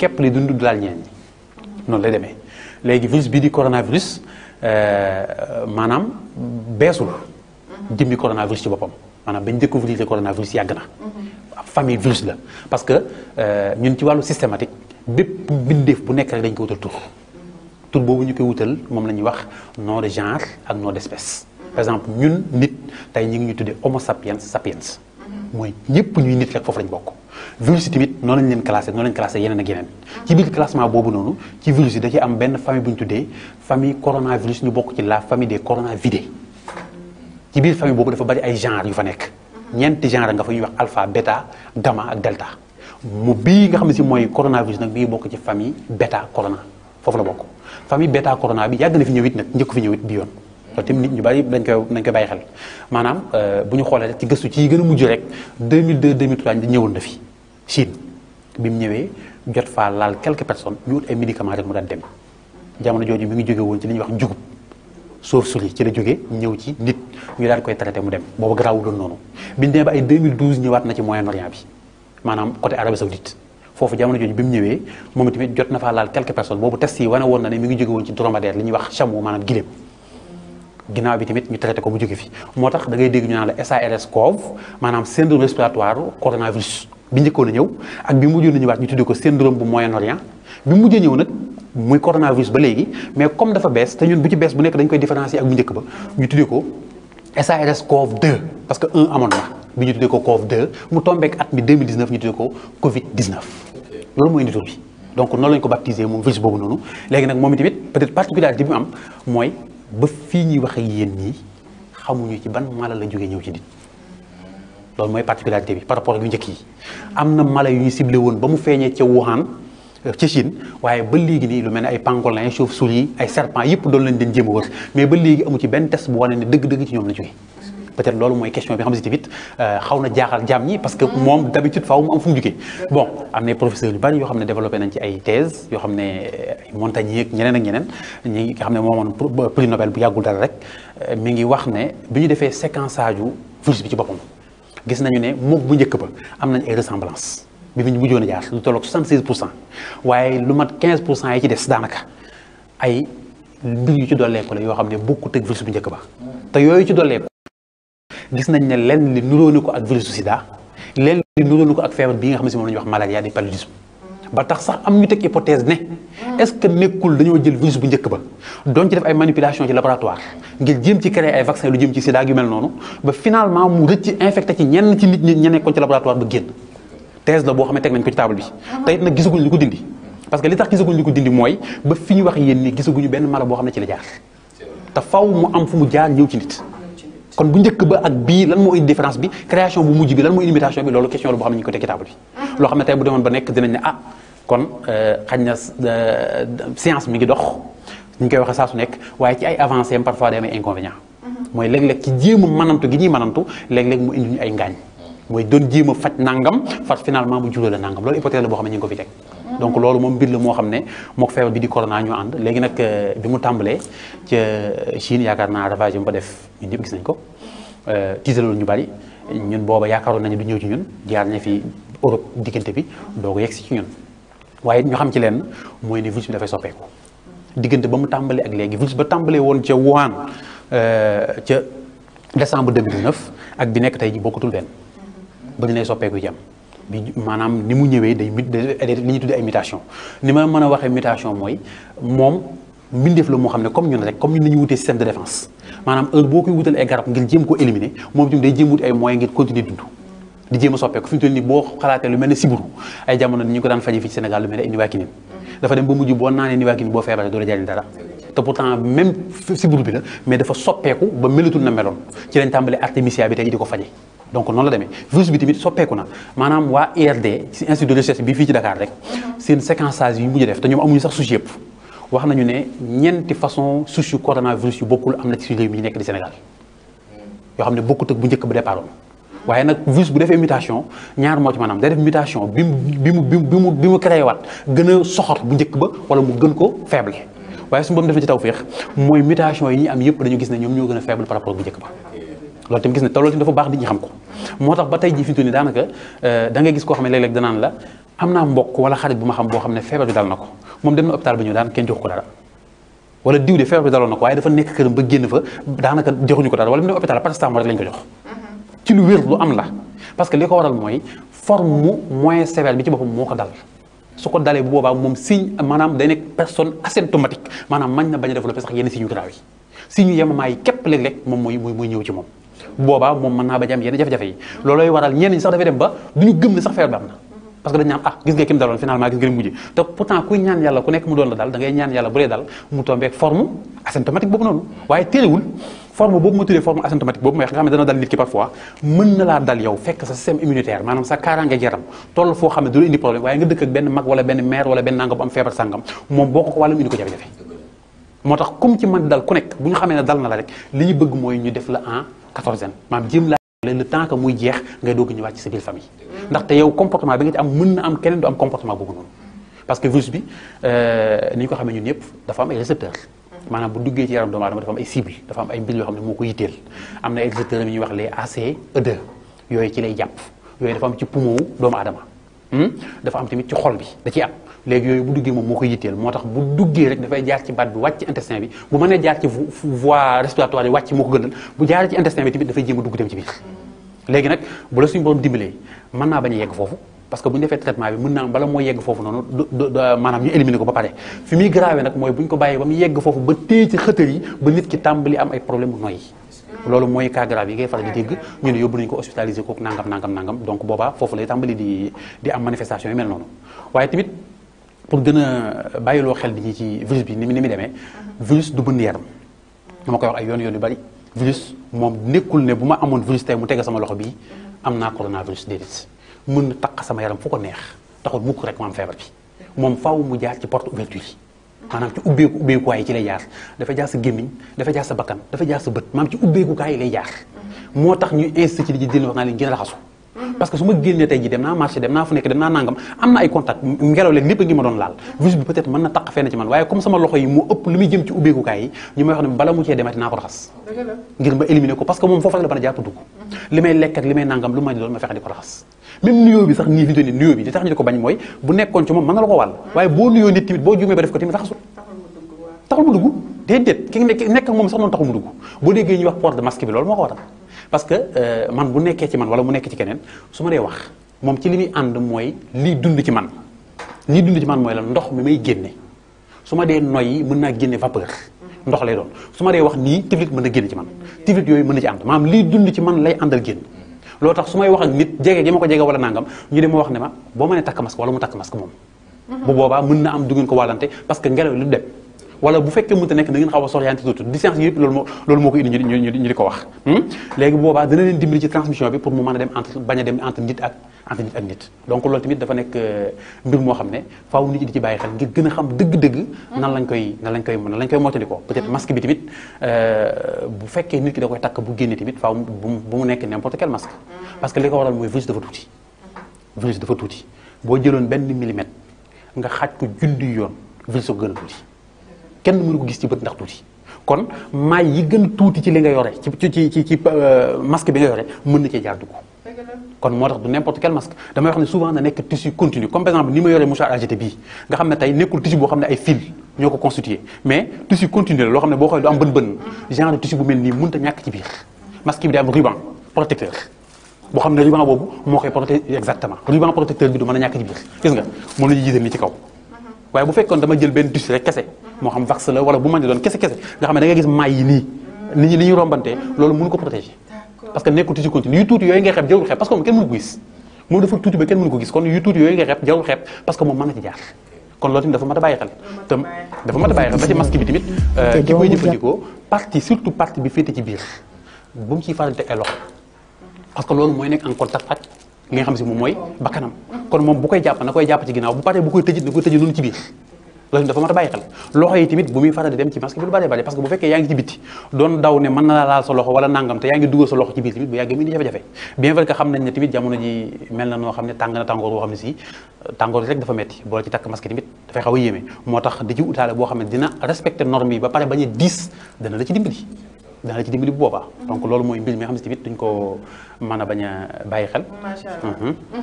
képp li dund dal ñeen ñi noonu lay demee léegi virus bii di coronavirus euh, maanaam beesul jëmbi coronavirus ci boppam maanaam bañ découvrir le coronavirus yàgg na mhm. famille virus la parce que euh, ñun ci wàllu systématique bépp mbindeef bu nekk rek dañ ko wutal tur tur boobu ñu koy wutal moom la ñuy wax noor de genre ak nom d'espèce mhm. par exemple ñun nit tey ñu ngi ñu tuddee homo sapiens sapiens mhm. mooy ñëpp ñuy nit rek foofu lañ bokk virus yi tamit noonu leen classé noonu lañ classé yeneen ak yeneen ci biir classement boobu noonu ci virus yi da ci am benn famille bu ñu tuddee famille bokk ci la famille des coronavidés ci boobu dafa bari ay genre yu fa nekk ñeenti genre nga fa ñuy wax alpha bêta gamma ak delta mu bii nga xam ne mooy coronavirus nag bii bokk ci famille bêta corona foofu la bokk famille bêta corona bi yàgg na fi ñëw it nag njëkk fi ñëw it yoon loolu tamit nit ñu bari dañ koy dañ koy bàyyi xel maanaam euh, bu ñu xoolee ci gëstu ci yi gën a mujj rek 2002 2003 ñëwoon na fi Chine bi mu ñëwee jot faa laal quelques personnes ñu ut ay médicaments rek mu daan dem jamono jooju mu ngi jóge woon ci li ñuy wax njugub sóor suli ci la jóge ñëw ci nit ñu daal koy traité mu dem boobu garaawuloon noonu biñ demee ñëwaat na ci Moyen-Orient bi maanaam côté Arabie Saoudite foofu jamono jooju bi mu ñëwee moom itamit jot na faa laal quelques personnes boobu test yi wane woon na ne mi ngi jóge woon ci dromadaire li ñuy wax chameau maanaam giléem ginnaaw bi tamit ñu traité ko mu jóge fi moo tax da ngay dégg ñu naan la SARS CoV maanaam syndrome respiratoire coronavirus bi njëkkoon a ñëw ak bi mujjoon a ñëwaat ñu tuddee ko syndrome bu Moyen-Orient bi mujjee ñëw nag muy coronavirus ba léegi mais comme dafa bees te ñun bu ci bees bu nekk dañ koy différencier ak bu njëkk ba ñu tuddee ko SARS CoV 2 parce que un amoon na bi ñu tuddee ko CoV 2 mu tombeek at mi 2019 ñu tuddee ko Covid 19 loolu mooy indi tur bi donc noonu lañ ko baptisé moom virus boobu noonu léegi nag moom tamit peut-être particularité am mooy. ba fii ñuy wax ak yéen ñii xamuñu ci ban mala la jógee ñëw ci nit loolu mooy particularité bi par rapport ak yu njëkk yi am na mala yu ñu sible woon ba mu feeñee ca Wuhan euh, ci Chine waaye ba léegi nii lu mel ne ay pangolin chauve-souris ay serpent yëpp doon lañ den jéem a wër mais ba léegi amu ci benn test bu wane ne dëgg-dëgg ci ñoom la jógee peut-être loolu mooy question bi nga xam si vite euh, xaw na jaaxal jaam ñi parce que moom d'habitude faaw mu am fu mu jugee bon am na professeur yu bari yoo xam ne développé nañ ci ay thèse yoo xam ne euh, montagne yeeg ak ñeneen ñi nga xam ne moomoon prix Nobel bu yàggul dara rek euh, mi ngi wax ne bi ñu defee séquençage yu virus bi ci boppam gis nañu ne moom bu njëkk ba am nañ ay ressemblance bi mu mujjoon a jaar lu tolloog 76 pour cent waaye lu mat 15 pour yi ci des daanaka ay mbir ci dolleeku la yoo xam ne bokkut ak bu njëkk ba te gis nañ ne lenn li nuróo ko ak virus sida lenn li nuróo na ko ak feebar bi nga xam ne si moom la ñuy wax malaria di paludisme ba tax sax am ñu teg hypothèse ne est nekkul dañoo jël virus bu njëkk ba doon ci def ay manipulation ci laboratoire ngir jéem ci créer ay vaccin lu jëm ci sida yu mel noonu ba finalement mu rëcc infecté ci ñenn ci nit ñi ña nekkoon ci laboratoire ba génn thèse la boo xam ne teg nañ ko ci table bi te nag gisaguñ li ko dindi parce que li tax gisaguñ ko dindi mooy ba fi ñu wax yéen ni gisaguñu benn mala boo xam ne ci la te faw mu am fu mu jaar ñëw ci nit kon bu njëkk ba ak bii lan moo indi différence bi création bu mujj bi lan moo indi bi loolu question la boo xam ne ñu ko teg ci mhm. ne tey bu demoon ba nekk dinañ ne ah kon euh, xañ na euh, science mi ngi dox ñu ngi koy waxee saa su nekk waaye ci ay avancées am parfois day am mhm. mooy léeg-léeg ci jéem a gi ñuy manantu léeg-léeg mu indi ñu ay ngaañ. mooy doon jéem a faj nangam far finalement mu jural la nangam loolu hypothèse la boo xam ne ñu ko fi teg. donc loolu moom mbir la moo xam ne moo feebar bi di corona ñu ànd léegi nag euh, bi mu tàmbalee ca euh, Chine yaakaar naa ravage yi mu fa def ñun ñëpp gis nañ ko euh, tiitaloon ñu bari ñun booba yaakaaroon nañu du ñëw ci ñun jaar na fi Europe diggante bi doo ko yegg si ci ñun waaye ñu xam ci leen mooy ni virus bi dafay soppeeku diggante ba mu tàmbalee ak léegi virus ba tàmbalee woon ca Wuhan ca décembre 2019 ak bi nekk tey ji bokkatul benn. ba ñu lay soppeeku jam bi maanaam ni mu ñëwee day li ñuy tuddee ay mutation ni ma mën a waxee mutation mooy moom mbindeef la moo xam ne comme ñu ñun rek comme ñun la ñu wutee système de défense maanaam heure boo koy wutal ay garab ngir jéem ko éliminer moom itam day jéem wut ay moyens ngir continuer dund di jéem a soppeeku fi nii boo xalaatee lu mel ne siburu ay jamono ni ñu ko daan faje fii ci Sénégal lu mel ne ay niwaakinine dafa dem ba mujj boo naanee niwaakinine boo feebaree doo bi la mais dafa soppeeku ba melatul na meloon ci lañ tàmbalee artémisia bi tey di ko faje donc noonu la demee virus bi tamit soppeeku na maanaam waa IRD ci institut de recherche bi fii ci Dakar rek mhm. seen séquençage yi ñu def te ñoom amuñu sax souche yëpp wax nañu ne ñeenti façon souche yu coronavirus yu bokkul am na ci réew mi ñu nekk di Sénégal yoo xam ne bokkut ak bu njëkk ba départ waaye nag virus bu defee mutation ñaar moo ci maanaam day def mutation bi mu bi mu bi mu bi mu créé waat gën a soxor bu njëkk ba wala mu gën ko faible waaye su mu defee ci tawféex mooy mutation ñoom ñoo gën a faible par ba. loolu tamit gis na te loolu tamit dafa baax nit ñi xam ko moo tax euh, naa mbokk wala xarit xam boo xam ne feebar bi na moom dem na hôpital ba ñëw daan kenn jox ko dara wala diw de feebar bi lañ ko jox mhm. ci lu wér lu am la parce que li ko waral mooy forme mu moins sévère bi ci boppam moo ko dal su ko dalee bu boobaa moom signe maanaam day nekk personne asymptomatique maanaam mañ na bañ a développé sax yenn signes yu grave yi signes yemamaay képp léeg moom mooy mooy ñëw ci moom bu boobaa moom mën naa ba am yenn jafe-jafe yi loolooy waral ñenn ñi sax dafay dem ba du ñu gëm ne sax feebar bi am na parce que dañ naan ah gis nga ki mu daloon finalement gis nga ni mujj te pourtant kuy ngay ñaan yàlla bu dee nga xam ne dal nit ki parfois mën na laa dal yow fekk sa système immunitaire maanaam sa kaaraange yaram toll foo xam ne du la indi problème waaye nga dëkk ak benn mag wala benn mère wala benn nanga bu am feebar moo tax quatorzaine maam jëm laa leen que muy jeex ngay doog a ñëwaat ci sa biir famille ndaxte yow comportement bi nga ci am mën na am keneen du am comportement boobu noonu parce que virus bi euh, ni ñu ko xamee ñun ñëpp dafa am ay récepteurs maanaam bu duggee ci yaram doomu aadama dafa am ay cible dafa am ay mbir yoo xam ne moo ko yitteel am na ay récepteurs yu ñuy wax les ACE2 yooyu ci lay jàpp yooyu dafa am ci poumon doomu aadama Hmm? dafa am tamit ci xol bi da ciy am léegi yooyu bu duggee moom moo ko yitteel moo tax bu duggee rek dafay jaar ci baat bi wàcc intestin bi bu mënee jaar ci voie respiratoire yi wàcc moo ko gënal bu jaaree ci intestin bi tamit dafay jéem a dugg dem ci biir léegi nag bu la suñu borom dimbalee mën naa bañ yegg foofu parce que bu ñu defee traitement bi mun naa bala moo yegg foofu noonu maanaam ñu éliminer ko ba pare fi muy grave nag mooy bu ñu ko bàyyee ba mu yegg foofu ba téye ci xëtër yi ba nit ki tàmbali am ay bu noyyi loolu mooy cas yi ngay faral di dégg ñu ne yóbbu nañu ko hospitalisé ko nangam nangam nangam donc boobaa foofu lay tàmbali di di am manifestation yu mel noonu waaye tamit pour gën a bàyyiloo xel di ci virus bi ni mu ni mu demee virus du bënn yaram dama koy wax ay yoon yoon yu bari virus moom nekkul ne bu ma amoon virus tey mu tege sama loxo bi am naa coronavirus déedéet mën na taq sama yaram fu ko neex taxul mukk rek ma am feebar bi moom faw mu jaar ci porte ouverture yi maanaam ci ubbeeku ubbeekuwaay ci lay jaar dafa jaar sa gémmiñ dafa jaar sa bakkan dafa jaar sa bët maanaam ci ubbeekukaay lay jaar mm-hmm. moo tax ñu insisté ci li ci diine wax naa leen gën a parce que su ma génnee tey ji dem naa marché dem naa fu nekk dem naa nangam am na ay contact ngelaw leeg lépp a ngi ma doon laal virus bi peut-être na taq fenn ci man waaye comme sama loxo yi moo ëpp li muy jëm ci ubbeekukaay yi ñu may wax ne bala mu cee demati naa ko raxas ngir ma éliminer ko parce que moom foofu rek la mën a jàpp dugg li may lekk ak li may nangam lu ma doon ma fexe ko raxas même nuyoo bi sax nii bi li tax ñu di ko bañ mooy bu nekkoon moom mën na la ko wàll waaye boo parce que euh, man bu nekkee ci man wala mu nekk ci keneen su ma dee wax moom ci li muy ànd mooy lii dund ci man liy dund ci man mooy la ndox mi may génne su ma dee noyyi mën naa génne vapeur ndox lay doon su ma dee wax nii tiflit mën na génn ci man tiflit yooyu mën na ci ànd maanaam liy dund ci man lay àndal génn loo tax su may wax ak nit jege gi ma ko jege wala nangam ñu dem wax ne ma boo ma ne takk masque wala mu takk masque moom bu boobaa mën na am du ko wàllante parce que ngelaw lu dem wala bu fekkee mënta nekk na ngeen xaw a soriante tuuti distance yëpp loolu moo loolu moo ko indi ñu ñu di ko wax hmm? léegi boobaa dana leen dimbali ci transmission bi pour mu mën a dem entre bañ a dem entre nit ak entre nit ak nit donc loolu tamit dafa nekk euh, mbir moo xam ne faaw nit ñi di ci bàyyi xel ngir gën a xam dëgg-dëgg nan lañ koy nan lañ koy nan lañ koy moytandikoo hmm. peut-être masque bi tamit euh, bu fekkee nit ki da koy takk bu génnee tamit faaw bu mu nekk n'importe quel masque hmm. parce que li ko waral mooy virus dafa tuuti virus dafa tuuti boo jëloon benn millimètre nga xaaj ko yoon virus ko tuuti kenn mënu ko gis ci bët ndax tuuti kon maay yi gën a tuuti ci li nga yore ci ci ci ci euh, masque bi nga yore mën na cee jaar dugg kon moo tax du n'importe quel masque damay wax ne souvent na nekk tissu continu comme par exemple ni ma yoree mouchoir AGT bii nga xam ne tey nekkul tissu boo xam ne ay fil ñoo ko constitué mais tissu continu la loo xam ne boo xoolee du am bën bën genre tissu bu mel nii mënut a ñàkk ci biir masque bi day am ruban protecteur boo xam ne ruban boobu moo koy protéger exactement ruban protecteur bi du mën a ñàkk ci biir bu fekkoon dama jël benn tissu rek kese moo xam vax la wala bu mën di doon kese kese nga xam ne da ngay gis may yi nii nit ñi li ñuy rombante loolu mënu ko protéger parce que nekkul ci continue yu tuuti yooyu ngay xeeb jarul xeeb parce que moom kenn na ci jaar kon loolu dafa mat a bàyyi xel te dafa mat a bàyyi xel ba ci masque bi tamit euh, ki koy jëfandikoo partie surtout partie bi féete ci biir bu mu ciy faral teg ay loxo parce que loolu mooy nekk en contact ak li nga xam si moom mooy bakkanam kon moom bu koy jàpp na koy jàpp ci ginnaaw bu paree bu koy loolu dafa mat a bàyyi xel loxo yi tamit bu muy faral dem ci masque bi lu bari bari parce que bu fekkee yaa ngi ci bitti doon daw ne mën na laal sa loxo wala nangam te yaa ngi dugal sa loxo ci biir tamit bu yàggee mu indi jafe-jafe bien mel na noo xam ne tàng na tàngoor boo xam ne si tàngoor rek dafa metti boo ci takk masque tamit dafay xaw a yéeme moo tax di ci utaale boo xam ne dina respecter norme yi ba pare bañ a diis dana la ci dimbali dana la mm-hmm. loolu mooy mbir mi nga xam a a